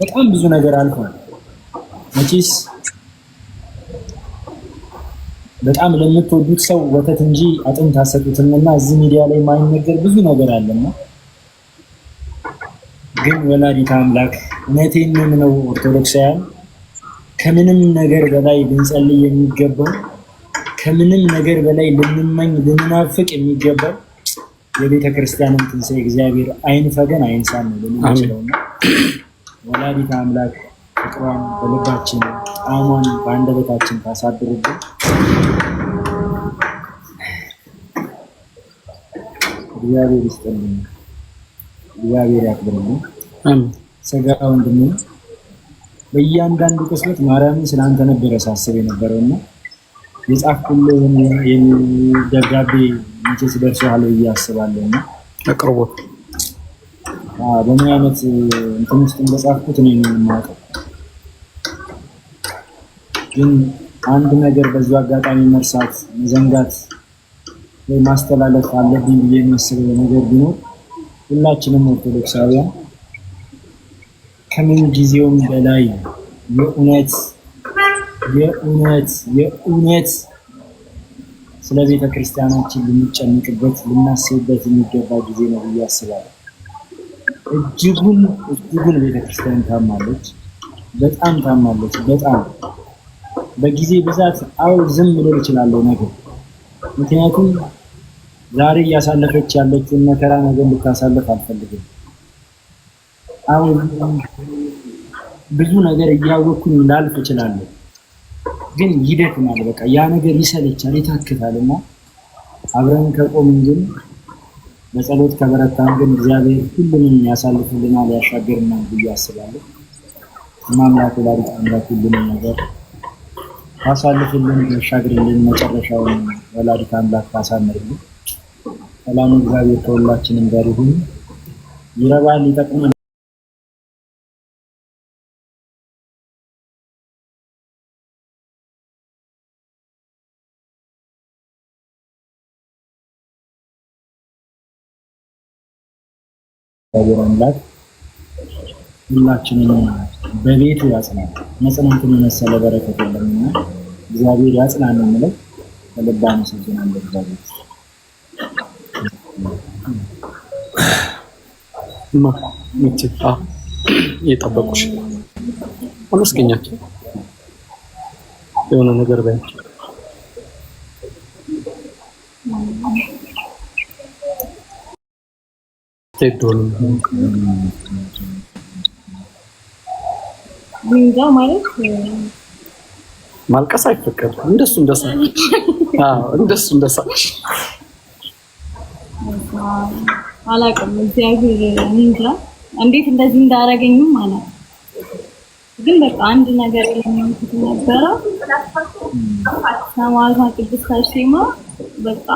በጣም ብዙ ነገር አልፏል። መቼስ በጣም ለምትወዱት ሰው ወተት እንጂ አጥንት አሰጡትም እና እዚህ ሚዲያ ላይ የማይነገር ብዙ ነገር አለና ግን ወላዲተ አምላክ እውነቴን ነው ኦርቶዶክሳውያን ከምንም ነገር በላይ ልንጸልይ የሚገባው ከምንም ነገር በላይ ልንመኝ ልንናፍቅ የሚገባው የቤተ ክርስቲያንን ትንሣኤ እግዚአብሔር አይንፈገን አይንሳን ነው ልንችለውና ወላዲት አምላክ ፍቅሯን በልባችን ጣዕሟን በአንደበታችን ታሳድርብን። እግዚአብሔር ይስጥልን፣ እግዚአብሔር ያክብርልን። ሰጋ ወንድሜ በእያንዳንዱ ቅስበት ማርያምን ስለአንተ ነበረ ሳስብ የነበረው እና የጻፍኩልህን ደብዳቤ መቼ ስደርሶሃል ብዬ አስባለሁ እና አቅርቦት በምን አይነት እንትን ውስጥ እንደጻፍኩት እኔ ነው የማውቀው። ግን አንድ ነገር በዚሁ አጋጣሚ መርሳት፣ መዘንጋት ወይ ማስተላለፍ አለብኝ ብዬ የማስበው ነገር ቢኖር ሁላችንም ኦርቶዶክሳውያን ከምን ጊዜውም በላይ የእውነት የእውነት የእውነት ስለ ቤተ ክርስቲያናችን ልንጨንቅበት ልናስብበት የሚገባ ጊዜ ነው ብዬ አስባለሁ። እጅጉን እጅጉን ቤተክርስቲያን ታማለች፣ በጣም ታማለች። በጣም በጊዜ ብዛት አው ዝም ብሎ ይችላል ነገር ምክንያቱም ዛሬ እያሳለፈች ያለችውን መከራ ነገር ልታሳልፍ አልፈልግም። አሁን ብዙ ነገር እያወቅኩኝ ላልፍ እችላለሁ፣ ግን ይደክማል። በቃ ያ ነገር ይሰለቻል፣ ይታክታል እና አብረን ከቆምን ግን በጸሎት ከበረታን ግን እግዚአብሔር ሁሉንም ያሳልፍልናል፣ ያሻገርናል ብዬ አስባለሁ። አምላክ ወላዲተ አምላክ ሁሉንም ነገር ታሳልፍልን፣ ያሻግርልን፣ መጨረሻውን ወላዲተ አምላክ ታሳምርልን። ሰላም እግዚአብሔር ከሁላችንም ጋር ይሁን። ይረባል፣ ይጠቅማል። እግዚአብሔር አምላክ ሁላችንም በቤቱ ያጽናል። መጽናንት የመሰለ በረከት የለምና እግዚአብሔር ያጽናን የምለው ከልብ አመሰግናለሁ። እግዚአብሔር የጠበቁሽ አመስገኛቸው የሆነ ነገር ባያቸው ዊንጋ ማለት ማልቀስ አይፈቀድም። እንደሱ እንደሳ እንደሱ እንደሳ አላውቅም። እግዚአብሔር ዊንጋ እንዴት እንደዚህ እንዳደረገኝም አላውቅም፣ ግን በቃ አንድ ነገር የለኝም ነበረ ሰማዕቷ ቅድስት አርሴማ በቃ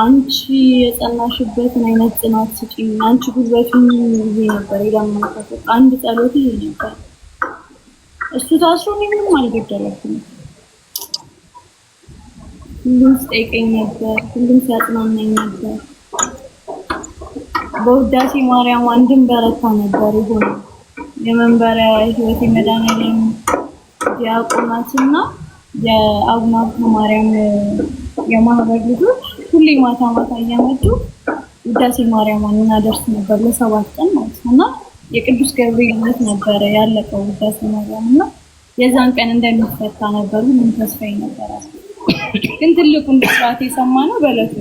አንቺ የጸናሽበትን አይነት ጽናት ስጪ። አንቺ ጉልበቱን ይዜ ነበር የዳመንኩት። አንድ ጸሎት ይዜ ነበር። እሱ ታስሮ እኔ ምንም አልገደለኩም። ሁሉም ሲጠይቀኝ ነበር፣ ሁሉም ሲያጽናናኝ ነበር። በውዳሴ ማርያም አንድም በረታ ነበር። ይሆነ የመንበሪያ ህይወት የመድኃኔዓለም ዲያቆናትና የአቡነ ማርያም የማህበር ልጆች ሁሌ ማታ ማታ እያመጡ ውዳሴ ማርያም እናደርስ ነበር ለሰባት ቀን ማለት ነው። እና የቅዱስ ገብርኤል ነበረ ያለቀው ውዳሴ ማርያም እና የዛን ቀን እንደሚፈታ ነበሩ ምን ተስፋ ይነበራል። ግን ትልቁን ብስራት የሰማ ነው በለቱ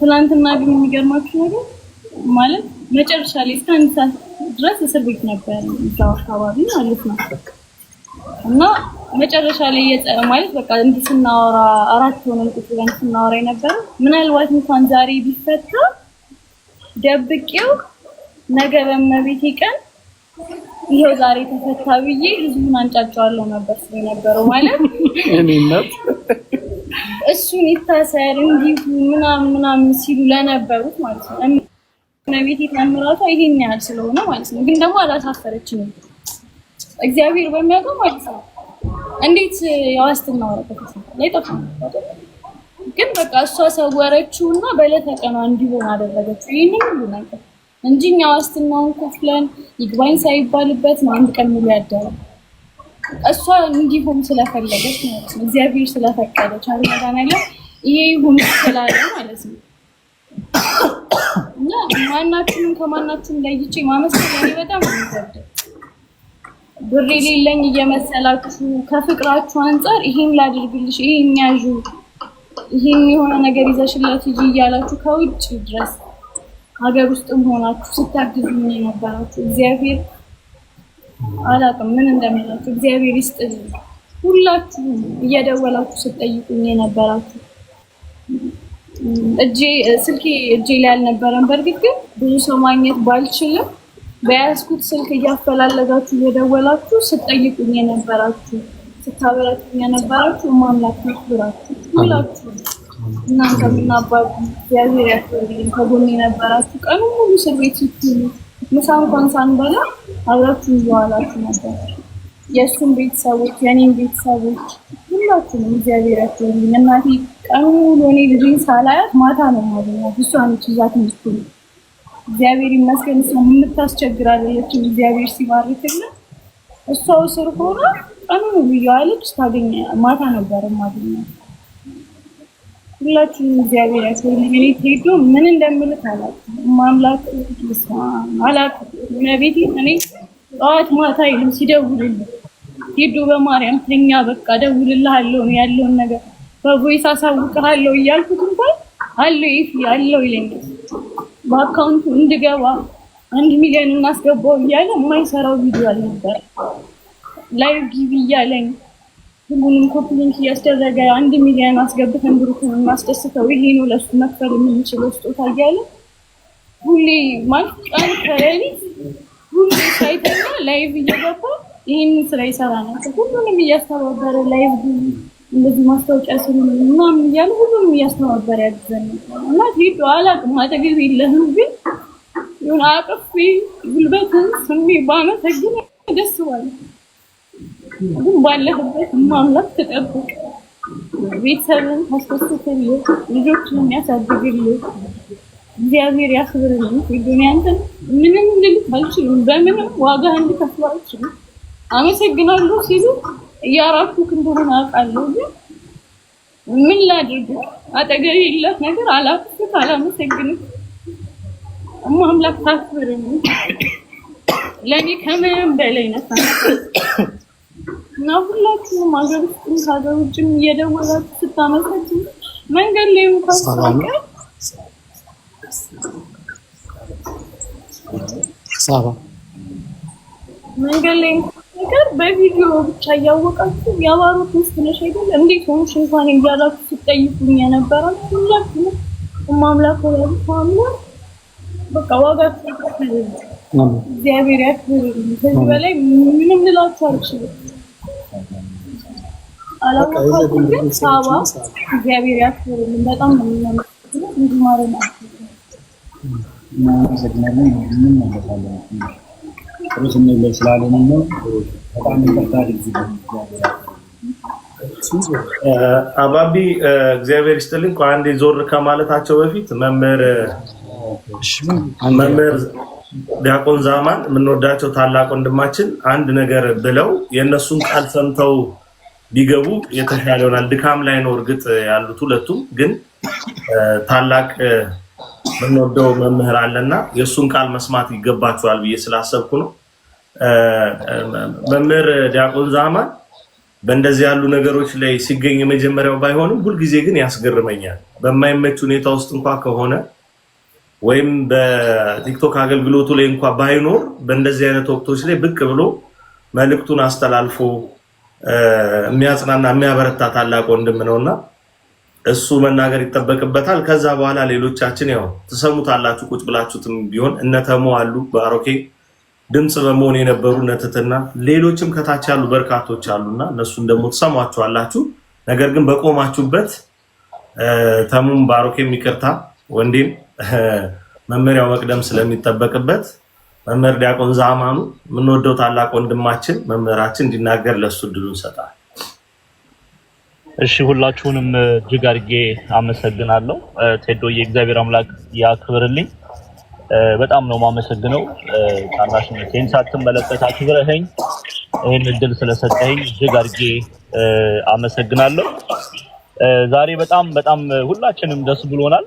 ትላንትና። ግን የሚገርማችሁ ነገር ማለት መጨረሻ ላይ እስከ አንድ ሰዓት ድረስ እስር ቤት ነበር እዛው አካባቢ ማለት ነው እና መጨረሻ ላይ የጸረ ማለት በቃ እንዲህ ስናወራ አራት ሆነን ቁጭ ብለን ስናወራ የነበረ ምናልባት እንኳን ዛሬ ቢፈታ ደብቄው ነገ በመቤቴ ቀን ይሄው ዛሬ ተፈታ ብዬ ህዝቡን አንጫጫዋለሁ ነበር ስለ ነበረው ማለት እኔነት እሱን ይታሰር እንዲሁ ምናምን ምናምን ሲሉ ለነበሩት ማለት ነው። እመቤቴ ታምራቷ ይሄን ያህል ስለሆነ ማለት ነው። ግን ደግሞ አላሳፈረችኝም እግዚአብሔር በሚያውቀው ማለት ነው። እንዴት የዋስትና ወረቀት ይጠፋ? ግን በቃ እሷ ሰወረችውና በዕለተ ቀኗ እንዲሆን አደረገችው። ይህንን ሁሉ ነገር እንጂ እኛ ዋስትናውን ክፍለን ይግባኝ ሳይባልበት ነው አንድ ቀን ሙሉ ያደረ እሷ እንዲሁም ስለፈለገች ማለት ነው፣ እግዚአብሔር ስለፈቀደች ያለ ይሄ ይሁን ስላለ ማለት ነው። እና ማናችንም ከማናችን ለይቼ ማመስገን በጣም ነው የሚወደው ብር የሌለኝ እየመሰላችሁ ከፍቅራችሁ አንጻር ይሄን ላድርግልሽ፣ ይሄን ያዡ፣ ይሄን የሆነ ነገር ይዘሽላት ሂጂ እያላችሁ ከውጭ ድረስ ሀገር ውስጥም ሆናችሁ ስታግዙኝ የነበራችሁ እግዚአብሔር አላውቅም ምን እንደምላችሁ እግዚአብሔር ይስጥ። ሁላችሁ እየደወላችሁ ስጠይቁኝ የነበራችሁ እጄ ስልኬ እጄ ላይ አልነበረም። በእርግጥ ግን ብዙ ሰው ማግኘት ባልችልም በያዝኩት ስልክ እያፈላለጋችሁ እየደወላችሁ ስጠይቁኝ የነበራችሁ ስታበረቱኝ የነበራችሁ ማምላክ ያክብራችሁ ሁላችሁ። እናንተ የምናባቡ እግዚአብሔር ያክብርልኝ። ከጎን የነበራችሁ ቀኑ ሙሉ እስር ቤት ስትሉ ምሳ እንኳን ሳንበላ አብራችሁ እየዋላችሁ ነበር። የእሱን ቤተሰቦች የእኔም ቤተሰቦች ሁላችሁንም እግዚአብሔር ያክብርልኝ። እናቴ ቀኑ ሙሉ እኔ ልጅን ሳላያት ማታ ነው ማገኛት እሷ ነች ይዛት እግዚአብሔር ይመስገን እሷ የምታስቸግር አይደለችም። እግዚአብሔር ሲባርክና እሷው ስር ሆኖ ሆና ነው ብየዋለች ታገኘ ማታ ነበር ማግኘት ሁላችንም እግዚአብሔር ያስፈልግ። እኔ ሄዶ ምን እንደምልህ አላውቅም። ማምላክ ስማ አላውቅም። እመቤቴ እኔ ጠዋት ማታ ይሉም ሲደውልልህ ሄዶ በማርያም ተኛ በቃ ደውልልሃለሁ ያለውን ነገር በቮይስ አሳውቅሃለሁ እያልኩት እንኳን አለው ይፍ ያለው ይለኛል በአካውንቱ እንድገባ አንድ ሚሊዮን እናስገባው እያለ የማይሰራው ቪዲዮ አልነበረ። ላይቭ ጊቪ እያለኝ ሁሉንም ኮፕሊንክ እያስደረገ አንድ ሚሊዮን አስገብተን ብሩክን እናስደስተው፣ ይሄ ነው ለሱ መክፈል የምንችለው ስጦታ እያለ ሁሌ ማለት ቀን ከሌሊት ሁሌ ሳይተኛ ላይቭ እየገባ ይህንን ስራ ይሰራ ናቸው። ሁሉንም እያስተባበረ ላይቭ ጊቢ እንደዚህ ማስታወቂያ ስሩ ምናምን እያለ ሁሉም እያስተባበረ ያግዘን እና ሄዶ አላውቅም። አጠገብ የለህም ግን ይሁን አቅፊ ጉልበትን ስሚ ባመሰግን ደስ ባለ ግን ባለህበት ማምላክ ተጠብቅ፣ ቤተሰብን ታስደስትልህ፣ ልጆችን የሚያሳድግል እግዚአብሔር ያክብርልህ። ዱኒያ እንትን ምንም ልልህ አልችልም። በምንም ዋጋ እንድከፍሉ አልችልም። አመሰግናለሁ ሲሉ እያራኩክ እንደሆነ አውቃለሁ፣ ግን ምን ላድርግ? አጠገብ የላት ነገር አላፍት አላመሰግንም። አምላክ ታስብርም ለእኔ ከምንም በላይ ነው እና ሁላችንም ሀገር ውስጥም ሀገር ውጭም እየደወላችሁ ስታመሰግን መንገድ ላይ ታስታቀ መንገድ ላይ ነገር በቪዲዮ ብቻ እያወቃችሁ የአባሮት ውስጥ ነሽ አይደል? እንዴት ሆንሽ እንኳን እያላችሁ ስጠይቁኝ የነበረ ሁላችሁም ማምላክ ወላጅ አምላክ በቃ ዋጋ እግዚአብሔር ያክብርልኝ። ከዚህ በላይ ምንም ልላችሁ አልችልም። አላወቃችሁም፣ ግን ሳባ እግዚአብሔር ያክብርልኝ። በጣም ነው የሚያመሰግነው። እንዲህ ማረና ስላለን በጣም ይቅርታ አባቢ እግዚአብሔር ይስጥልኝ። አንዴ ዞር ከማለታቸው በፊት መምህር መምህር ዲያቆን ዛማን የምንወዳቸው ታላቅ ወንድማችን አንድ ነገር ብለው የእነሱን ቃል ሰምተው ቢገቡ የተሻለ ይሆናል። ድካም ላይ ነው እርግጥ ያሉት ሁለቱም፣ ግን ታላቅ የምንወደው መምህር አለና የእሱን ቃል መስማት ይገባችኋል ብዬ ስላሰብኩ ነው። መምህር ዲያቆን ዛማን በእንደዚህ ያሉ ነገሮች ላይ ሲገኝ የመጀመሪያው ባይሆንም ሁልጊዜ ግን ያስገርመኛል። በማይመች ሁኔታ ውስጥ እንኳ ከሆነ ወይም በቲክቶክ አገልግሎቱ ላይ እንኳ ባይኖር በእንደዚህ አይነት ወቅቶች ላይ ብቅ ብሎ መልእክቱን አስተላልፎ የሚያጽናና የሚያበረታ ታላቅ ወንድም ነውና እሱ መናገር ይጠበቅበታል። ከዛ በኋላ ሌሎቻችን ያው ትሰሙታላችሁ ቁጭ ብላችሁትም ቢሆን እነተሞ አሉ በአሮኬ ድምፅ በመሆን የነበሩ ነትትና ሌሎችም ከታች ያሉ በርካቶች አሉና እነሱን ደግሞ ትሰሟቸዋላችሁ። ነገር ግን በቆማችሁበት ተሙም ባሮኬም ይቅርታ ወንዴም መመሪያው መቅደም ስለሚጠበቅበት መምህር ዲያቆን ዛማኑ የምንወደው ታላቅ ወንድማችን መምህራችን እንዲናገር ለሱ እድሉ እንሰጣል። እሺ ሁላችሁንም እጅግ አድርጌ አመሰግናለሁ። ቴዶዬ እግዚአብሔር አምላክ ያክብርልኝ። በጣም ነው የማመሰግነው። ታናሽነቴን ሳትመለከት አክብረኸኝ ይህን እድል ስለሰጠኝ እጅግ አድርጌ አመሰግናለሁ። ዛሬ በጣም በጣም ሁላችንም ደስ ብሎናል።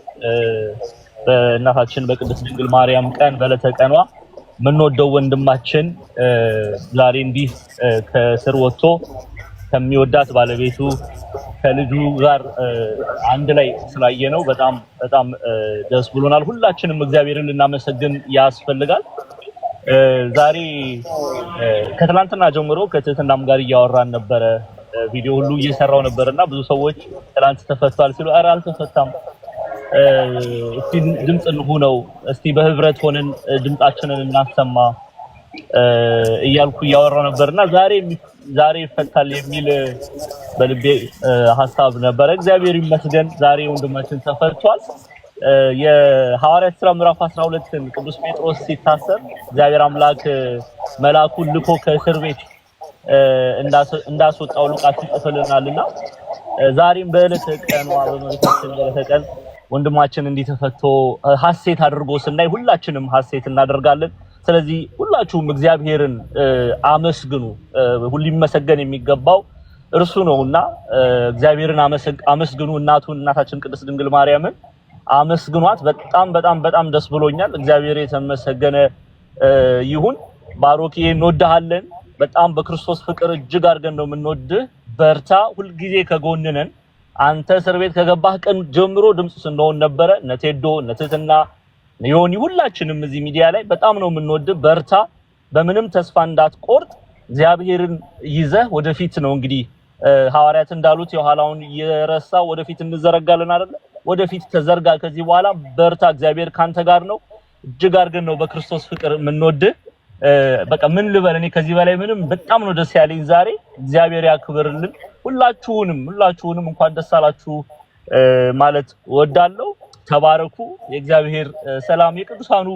በእናታችን በቅድስት ድንግል ማርያም ቀን በዕለተ ቀኗ የምንወደው ወንድማችን ዛሬ እንዲህ ከእስር ወጥቶ ከሚወዳት ባለቤቱ ከልጁ ጋር አንድ ላይ ስላየ ነው በጣም በጣም ደስ ብሎናል። ሁላችንም እግዚአብሔርን ልናመሰግን ያስፈልጋል። ዛሬ ከትላንትና ጀምሮ ከትህትናም ጋር እያወራን ነበረ። ቪዲዮ ሁሉ እየሰራው ነበር እና ብዙ ሰዎች ትላንት ተፈቷል ሲሉ ኧረ አልተፈታም፣ እስቲ ድምፅ እንሁ ነው፣ እስቲ በህብረት ሆነን ድምፃችንን እናሰማ እያልኩ እያወራ ነበርና ዛሬ ዛሬ ይፈታል የሚል በልቤ ሀሳብ ነበረ። እግዚአብሔር ይመስገን ዛሬ ወንድማችን ተፈቷል። የሐዋርያት ስራ ምዕራፍ 12ን ቅዱስ ጴጥሮስ ሲታሰር እግዚአብሔር አምላክ መልአኩን ልኮ ከእስር ቤት እንዳስወጣው ሉቃስ ይጽፍልናልና ዛሬም በዕለተ ቀኗ በመቤታችን በዕለተ ቀን ወንድማችን እንዲተፈቶ ሀሴት አድርጎ ስናይ ሁላችንም ሀሴት እናደርጋለን። ስለዚህ ሁላችሁም እግዚአብሔርን አመስግኑ። ሊመሰገን የሚገባው እርሱ ነውና እግዚአብሔርን አመስግኑ። እናቱን እናታችን ቅድስት ድንግል ማርያምን አመስግኗት። በጣም በጣም በጣም ደስ ብሎኛል። እግዚአብሔር የተመሰገነ ይሁን። ባሮኬ እንወድሃለን። በጣም በክርስቶስ ፍቅር እጅግ አድርገን ነው የምንወድህ። በርታ። ሁልጊዜ ከጎንነን። አንተ እስር ቤት ከገባህ ቀን ጀምሮ ድምፅ ስንሆን ነበረ። እነ ቴዶ እነ ትህትና ዮኒ ሁላችንም እዚህ ሚዲያ ላይ በጣም ነው የምንወድ። በርታ፣ በምንም ተስፋ እንዳትቆርጥ፣ እግዚአብሔርን ይዘህ ወደፊት ነው እንግዲህ ሐዋርያት እንዳሉት የኋላውን እየረሳ ወደፊት እንዘረጋለን አይደለ? ወደፊት ተዘርጋ። ከዚህ በኋላ በርታ፣ እግዚአብሔር ካንተ ጋር ነው። እጅግ አድርገን ነው በክርስቶስ ፍቅር የምንወድ። በቃ ምን ልበል እኔ ከዚህ በላይ ምንም። በጣም ነው ደስ ያለኝ ዛሬ። እግዚአብሔር ያክብርልን። ሁላችሁንም ሁላችሁንም እንኳን ደስ አላችሁ ማለት ወዳለው ተባረኩ። የእግዚአብሔር ሰላም የቅዱሳኑ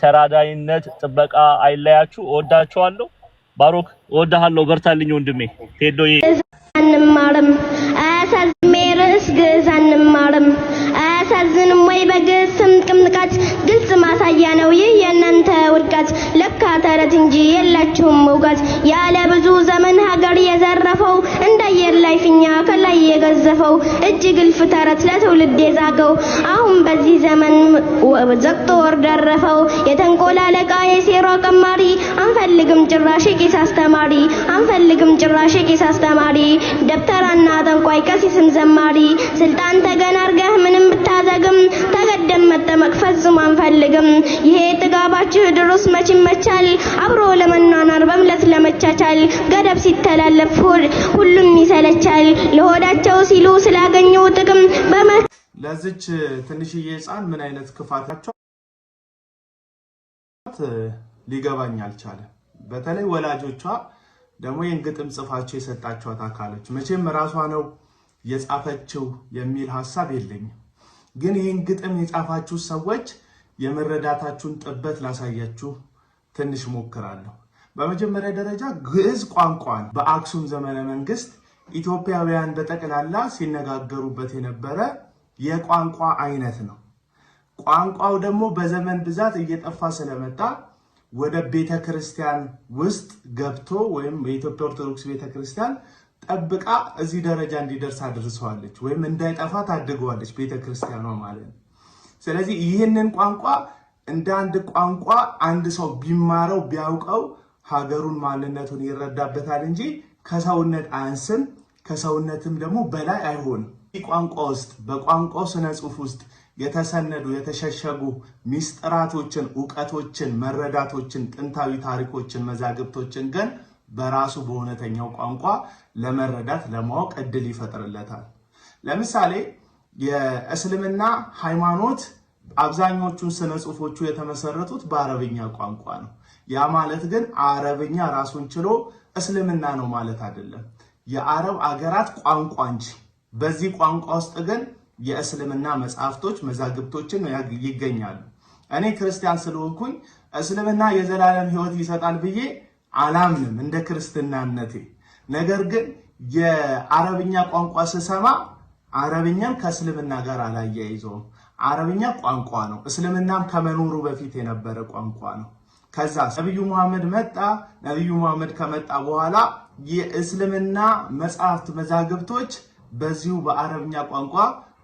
ተራዳይነት ጥበቃ አይለያችሁ። እወዳችኋለሁ። ባሮክ እወዳሃለሁ። በርታልኝ ወንድሜ ቴዶዬ። አንማርም አያሳዝንም፣ ርዕስ ግዕዝ አንማርም አያሳዝንም ወይ? በግዕዝ ስም ግልጽ ማሳያ ነው ይህ የእናንተ ውድቀት። ለካ ተረት እንጂ የላችሁም እውቀት ያለ ብዙ ዘመን ሀገር የዘረፈው ፊኛ ከላይ የገዘፈው እጅ ግልፍ ተረት ለትውልድ የዛገው አሁን በዚህ ዘመን ዘቅጦ ወር ደረፈው የተንቆላለቃ የሴራ ቀማሪ አንፈልግም ጭራሽ ቄስ አስተማሪ አንፈልግም ጭራሽ ቄስ አስተማሪ ደብተራና ጠንቋይ ቀሲስም ዘማሪ ስልጣን ተገን ምንም ብታዘግም ተገደም መጠመቅ ፈጽሞ አንፈልግም። ይሄ ጥጋባችሁ ድሮስ መች ይመቻል አብሮ ለመኗኗር በምለት ለመቻቻል ገደብ ሲተላለፍ ሁሉም ይሰለቻል። ይሉታል። ለሆዳቸው ሲሉ ስላገኘው ጥቅም በመ ለዚች ትንሽዬ ህፃን ምን አይነት ክፋት ናቸው ሊገባኝ አልቻለም። በተለይ ወላጆቿ ደግሞ ይህን ግጥም ጽፋቸው የሰጣቸዋት አካሎች መቼም ራሷ ነው የጻፈችው የሚል ሀሳብ የለኝም። ግን ይህን ግጥም የጻፋችሁ ሰዎች የመረዳታችሁን ጥበት ላሳያችሁ ትንሽ ሞክራለሁ። በመጀመሪያ ደረጃ ግዕዝ ቋንቋን በአክሱም ዘመነ መንግስት ኢትዮጵያውያን በጠቅላላ ሲነጋገሩበት የነበረ የቋንቋ አይነት ነው። ቋንቋው ደግሞ በዘመን ብዛት እየጠፋ ስለመጣ ወደ ቤተ ክርስቲያን ውስጥ ገብቶ ወይም የኢትዮጵያ ኦርቶዶክስ ቤተ ክርስቲያን ጠብቃ እዚህ ደረጃ እንዲደርስ አድርሰዋለች፣ ወይም እንዳይጠፋ ታድገዋለች ቤተ ክርስቲያኗ ማለት ነው። ስለዚህ ይህንን ቋንቋ እንደ አንድ ቋንቋ አንድ ሰው ቢማረው ቢያውቀው ሀገሩን ማንነቱን ይረዳበታል እንጂ ከሰውነት አያንስም፣ ከሰውነትም ደግሞ በላይ አይሆንም። ቋንቋ ውስጥ በቋንቋው ስነ ጽሁፍ ውስጥ የተሰነዱ የተሸሸጉ ሚስጥራቶችን፣ እውቀቶችን፣ መረዳቶችን፣ ጥንታዊ ታሪኮችን፣ መዛግብቶችን ግን በራሱ በእውነተኛው ቋንቋ ለመረዳት ለማወቅ እድል ይፈጥርለታል። ለምሳሌ የእስልምና ሃይማኖት አብዛኞቹ ስነ ጽሁፎቹ የተመሰረቱት በአረብኛ ቋንቋ ነው። ያ ማለት ግን አረብኛ ራሱን ችሎ እስልምና ነው ማለት አይደለም። የአረብ አገራት ቋንቋ እንጂ በዚህ ቋንቋ ውስጥ ግን የእስልምና መጽሐፍቶች መዛግብቶችን ይገኛሉ። እኔ ክርስቲያን ስለሆንኩኝ እስልምና የዘላለም ሕይወት ይሰጣል ብዬ አላምንም እንደ ክርስትናነቴ። ነገር ግን የአረብኛ ቋንቋ ስሰማ አረብኛም ከእስልምና ጋር አላያይዘውም። አረብኛ ቋንቋ ነው። እስልምናም ከመኖሩ በፊት የነበረ ቋንቋ ነው። ከዛ ነቢዩ መሐመድ መጣ። ነቢዩ መሐመድ ከመጣ በኋላ የእስልምና መጽሐፍት መዛግብቶች በዚሁ በአረብኛ ቋንቋ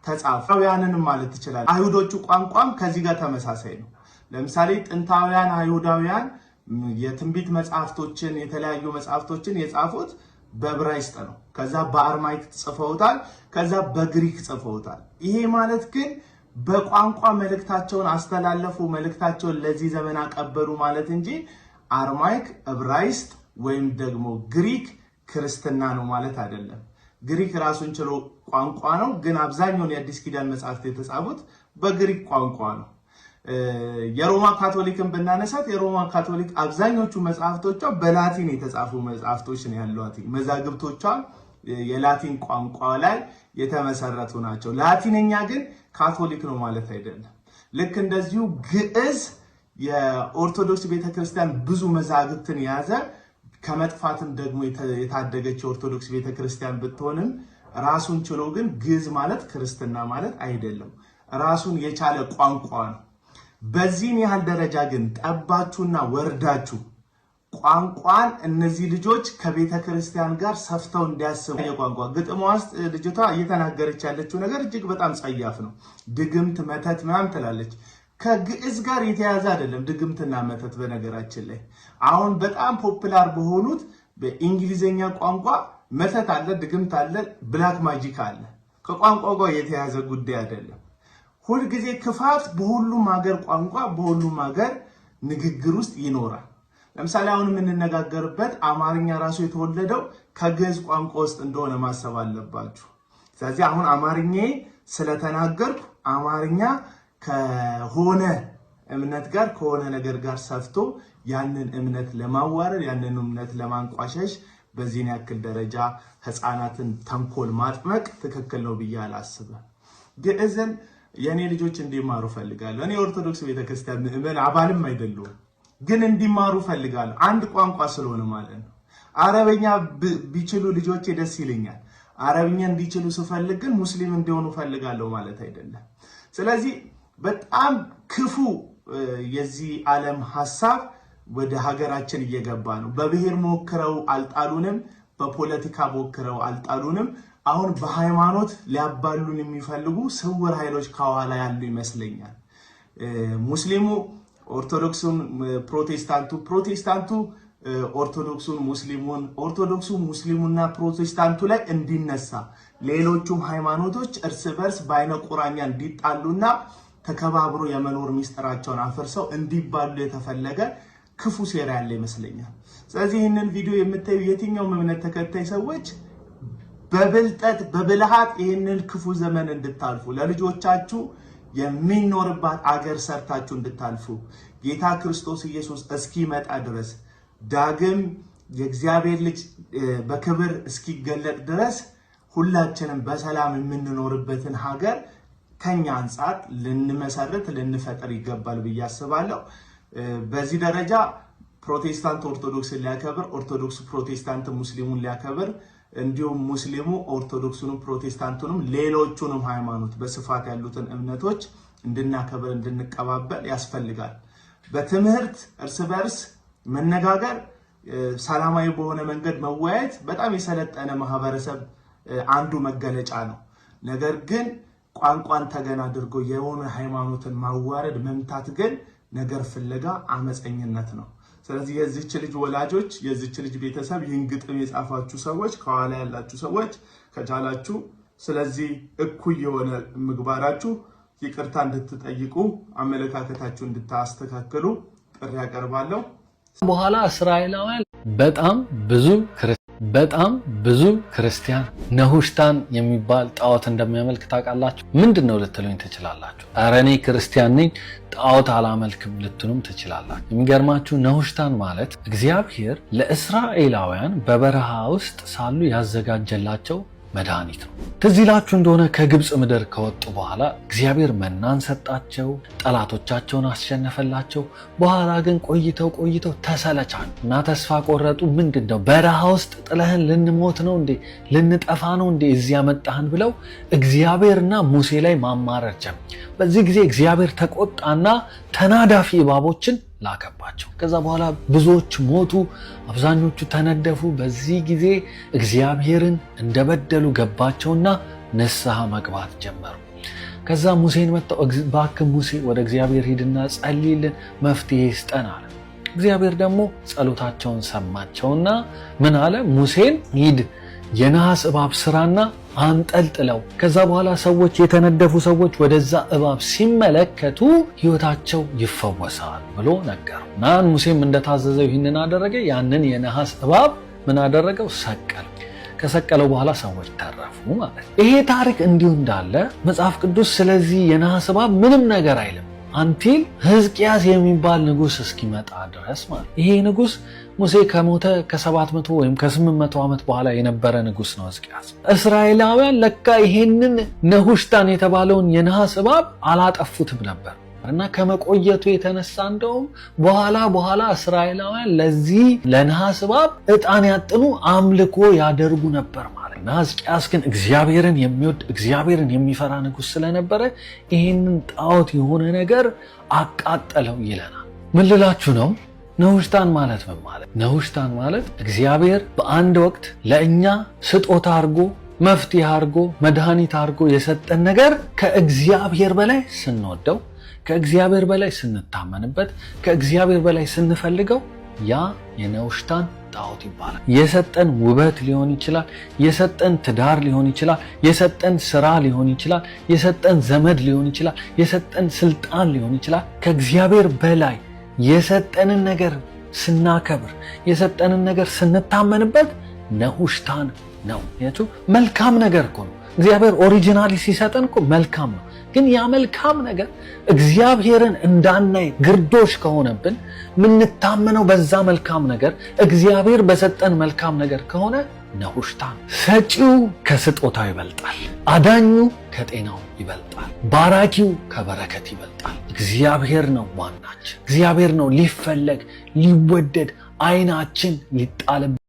ተጻፈ። አረባውያንንም ማለት ይችላል። አይሁዶቹ ቋንቋም ከዚህ ጋር ተመሳሳይ ነው። ለምሳሌ ጥንታውያን አይሁዳውያን የትንቢት መጽሐፍቶችን የተለያዩ መጽሐፍቶችን የጻፉት በብራይስጥ ነው። ከዛ በአርማይክ ጽፈውታል። ከዛ በግሪክ ጽፈውታል። ይሄ ማለት ግን በቋንቋ መልእክታቸውን አስተላለፉ፣ መልእክታቸውን ለዚህ ዘመን አቀበሉ ማለት እንጂ አርማይክ እብራይስጥ ወይም ደግሞ ግሪክ ክርስትና ነው ማለት አይደለም። ግሪክ ራሱን ችሎ ቋንቋ ነው፣ ግን አብዛኛውን የአዲስ ኪዳን መጽሐፍት የተጻፉት በግሪክ ቋንቋ ነው። የሮማ ካቶሊክን ብናነሳት የሮማ ካቶሊክ አብዛኞቹ መጽሐፍቶቿ በላቲን የተጻፉ መጽሐፍቶች ነው ያሏት መዛግብቶቿ የላቲን ቋንቋ ላይ የተመሰረቱ ናቸው። ላቲንኛ ግን ካቶሊክ ነው ማለት አይደለም። ልክ እንደዚሁ ግዕዝ የኦርቶዶክስ ቤተክርስቲያን ብዙ መዛግብትን የያዘ ከመጥፋትም ደግሞ የታደገች የኦርቶዶክስ ቤተክርስቲያን ብትሆንም ራሱን ችሎ ግን ግዕዝ ማለት ክርስትና ማለት አይደለም። ራሱን የቻለ ቋንቋ ነው። በዚህን ያህል ደረጃ ግን ጠባችሁና ወርዳችሁ ቋንቋን እነዚህ ልጆች ከቤተ ክርስቲያን ጋር ሰፍተው እንዲያስቡ የቋንቋ ግጥሟ ውስጥ ልጅቷ እየተናገረች ያለችው ነገር እጅግ በጣም ጸያፍ ነው። ድግምት መተት ምናምን ትላለች። ከግዕዝ ጋር የተያዘ አይደለም ድግምትና መተት። በነገራችን ላይ አሁን በጣም ፖፕላር በሆኑት በእንግሊዝኛ ቋንቋ መተት አለ፣ ድግምት አለ፣ ብላክ ማጂክ አለ። ከቋንቋ ጋር የተያዘ ጉዳይ አይደለም። ሁልጊዜ ክፋት በሁሉም ሀገር ቋንቋ፣ በሁሉም ሀገር ንግግር ውስጥ ይኖራል። ለምሳሌ አሁን የምንነጋገርበት አማርኛ ራሱ የተወለደው ከግዕዝ ቋንቋ ውስጥ እንደሆነ ማሰብ አለባችሁ። ስለዚህ አሁን አማርኛ ስለተናገርኩ አማርኛ ከሆነ እምነት ጋር ከሆነ ነገር ጋር ሰፍቶ ያንን እምነት ለማዋረድ ያንን እምነት ለማንቋሸሽ በዚህን ያክል ደረጃ ህፃናትን ተንኮል ማጥመቅ ትክክል ነው ብዬ አላስብም። ግዕዝን የእኔ ልጆች እንዲማሩ ፈልጋለሁ። እኔ የኦርቶዶክስ ቤተክርስቲያን ምዕመን አባልም አይደለሁም። ግን እንዲማሩ ፈልጋለሁ። አንድ ቋንቋ ስለሆነ ማለት ነው። አረበኛ ቢችሉ ልጆቼ ደስ ይለኛል። አረብኛ እንዲችሉ ስፈልግ ግን ሙስሊም እንዲሆኑ ፈልጋለሁ ማለት አይደለም። ስለዚህ በጣም ክፉ የዚህ ዓለም ሀሳብ ወደ ሀገራችን እየገባ ነው። በብሔር ሞክረው አልጣሉንም፣ በፖለቲካ ሞክረው አልጣሉንም። አሁን በሃይማኖት ሊያባሉን የሚፈልጉ ስውር ኃይሎች ከኋላ ያሉ ይመስለኛል ሙስሊሙ ኦርቶዶክሱን ፕሮቴስታንቱ ፕሮቴስታንቱ ኦርቶዶክሱን ሙስሊሙን ኦርቶዶክሱ ሙስሊሙና ፕሮቴስታንቱ ላይ እንዲነሳ ሌሎቹም ሃይማኖቶች እርስ በርስ በአይነ ቁራኛ እንዲጣሉና ተከባብሮ የመኖር ሚስጥራቸውን አፍርሰው እንዲባሉ የተፈለገ ክፉ ሴራ ያለ ይመስለኛል። ስለዚህ ይህንን ቪዲዮ የምታዩ የትኛውም እምነት ተከታይ ሰዎች በብልጠት በብልሃት ይህንን ክፉ ዘመን እንድታልፉ ለልጆቻችሁ የሚኖርባት አገር ሰርታችሁ እንድታልፉ ጌታ ክርስቶስ ኢየሱስ እስኪመጣ ድረስ ዳግም የእግዚአብሔር ልጅ በክብር እስኪገለጥ ድረስ ሁላችንም በሰላም የምንኖርበትን ሀገር ከኛ አንጻር ልንመሰርት ልንፈጥር ይገባል ብዬ አስባለሁ። በዚህ ደረጃ ፕሮቴስታንት ኦርቶዶክስን ሊያከብር፣ ኦርቶዶክስ ፕሮቴስታንት ሙስሊሙን ሊያከብር እንዲሁም ሙስሊሙ ኦርቶዶክሱንም ፕሮቴስታንቱንም ሌሎቹንም ሃይማኖት በስፋት ያሉትን እምነቶች እንድናከብር እንድንቀባበል ያስፈልጋል። በትምህርት እርስ በርስ መነጋገር፣ ሰላማዊ በሆነ መንገድ መወያየት በጣም የሰለጠነ ማህበረሰብ አንዱ መገለጫ ነው። ነገር ግን ቋንቋን ተገን አድርጎ የሆነ ሃይማኖትን ማዋረድ መምታት ግን ነገር ፍለጋ አመፀኝነት ነው። ስለዚህ የዚች ልጅ ወላጆች፣ የዚች ልጅ ቤተሰብ፣ ይህን ግጥም የጻፋችሁ ሰዎች፣ ከኋላ ያላችሁ ሰዎች ከቻላችሁ ስለዚህ እኩይ የሆነ ምግባራችሁ ይቅርታ እንድትጠይቁ አመለካከታችሁ እንድታስተካክሉ ጥሪ ያቀርባለሁ። በኋላ እስራኤላውያን በጣም ብዙ በጣም ብዙ ክርስቲያን ነሁሽታን የሚባል ጣዖት እንደሚያመልክ ታውቃላችሁ። ምንድን ነው ልትሉኝ ትችላላችሁ። ረኔ እኔ ክርስቲያን ነኝ ጣዖት አላመልክም ልትሉም ትችላላችሁ። የሚገርማችሁ ነሁሽታን ማለት እግዚአብሔር ለእስራኤላውያን በበረሃ ውስጥ ሳሉ ያዘጋጀላቸው መድኃኒት ነው። ትዝ ይላችሁ እንደሆነ ከግብፅ ምድር ከወጡ በኋላ እግዚአብሔር መናን ሰጣቸው፣ ጠላቶቻቸውን አስሸነፈላቸው። በኋላ ግን ቆይተው ቆይተው ተሰለቻሉ እና ተስፋ ቆረጡ። ምንድን ነው በረሃ ውስጥ ጥለህን ልንሞት ነው እንዴ? ልንጠፋ ነው እንዴ? እዚያ መጣህን ብለው እግዚአብሔርና ሙሴ ላይ ማማረር ጀመሩ። በዚህ ጊዜ እግዚአብሔር ተቆጣና ተናዳፊ እባቦችን ላከባቸው። ከዛ በኋላ ብዙዎች ሞቱ፣ አብዛኞቹ ተነደፉ። በዚህ ጊዜ እግዚአብሔርን እንደበደሉ ገባቸውና ንስሐ መግባት ጀመሩ። ከዛ ሙሴን መጣው። እባክህ ሙሴ ወደ እግዚአብሔር ሂድና ጸልይልን፣ መፍትሄ ይስጠን አለ። እግዚአብሔር ደግሞ ጸሎታቸውን ሰማቸውና ምን አለ? ሙሴን ሂድ የነሐስ እባብ ስራና አንጠልጥለው ከዛ በኋላ ሰዎች የተነደፉ ሰዎች ወደዛ እባብ ሲመለከቱ ህይወታቸው ይፈወሳል ብሎ ነገሩ እና ሙሴም እንደታዘዘው ይህንን አደረገ። ያንን የነሐስ እባብ ምን አደረገው? ሰቀል። ከሰቀለው በኋላ ሰዎች ተረፉ ማለት ነው። ይሄ ታሪክ እንዲሁ እንዳለ መጽሐፍ ቅዱስ ስለዚህ የነሐስ እባብ ምንም ነገር አይልም አንቲል ህዝቅያስ የሚባል ንጉስ እስኪመጣ ድረስ ማለት ይሄ ንጉስ ሙሴ ከሞተ ከ700 ወይም ከ800 ዓመት በኋላ የነበረ ንጉስ ነው ሕዝቅያስ። እስራኤላውያን ለካ ይሄንን ነሁሽታን የተባለውን የነሐስ እባብ አላጠፉትም ነበር እና ከመቆየቱ የተነሳ እንደውም በኋላ በኋላ እስራኤላውያን ለዚህ ለነሐስ እባብ እጣን ያጥኑ፣ አምልኮ ያደርጉ ነበር ማለት ነው። ሕዝቅያስ ግን እግዚአብሔርን የሚወድ እግዚአብሔርን የሚፈራ ንጉስ ስለነበረ ይህንን ጣዖት የሆነ ነገር አቃጠለው ይለናል። ምን ልላችሁ ነው? ነውሽታን ማለት ምን ማለት? ነውሽታን ማለት እግዚአብሔር በአንድ ወቅት ለእኛ ስጦታ አድርጎ መፍትሄ አድርጎ መድኃኒት አድርጎ የሰጠን ነገር ከእግዚአብሔር በላይ ስንወደው፣ ከእግዚአብሔር በላይ ስንታመንበት፣ ከእግዚአብሔር በላይ ስንፈልገው ያ የነውሽታን ጣዖት ይባላል። የሰጠን ውበት ሊሆን ይችላል። የሰጠን ትዳር ሊሆን ይችላል። የሰጠን ስራ ሊሆን ይችላል። የሰጠን ዘመድ ሊሆን ይችላል። የሰጠን ስልጣን ሊሆን ይችላል። ከእግዚአብሔር በላይ የሰጠንን ነገር ስናከብር የሰጠንን ነገር ስንታመንበት ነሁሽታን ነው። ያችሁ መልካም ነገር እኮ ነው። እግዚአብሔር ኦሪጂናሊ ሲሰጠን እኮ መልካም ነው። ግን ያ መልካም ነገር እግዚአብሔርን እንዳናይ ግርዶሽ ከሆነብን፣ የምንታመነው በዛ መልካም ነገር እግዚአብሔር በሰጠን መልካም ነገር ከሆነ ነሁሽታን። ሰጪው ከስጦታው ይበልጣል፣ አዳኙ ከጤናው ይበልጣል። ባራኪው ከበረከት ይበልጣል። እግዚአብሔር ነው ዋናችን። እግዚአብሔር ነው ሊፈለግ ሊወደድ አይናችን ሊጣልበት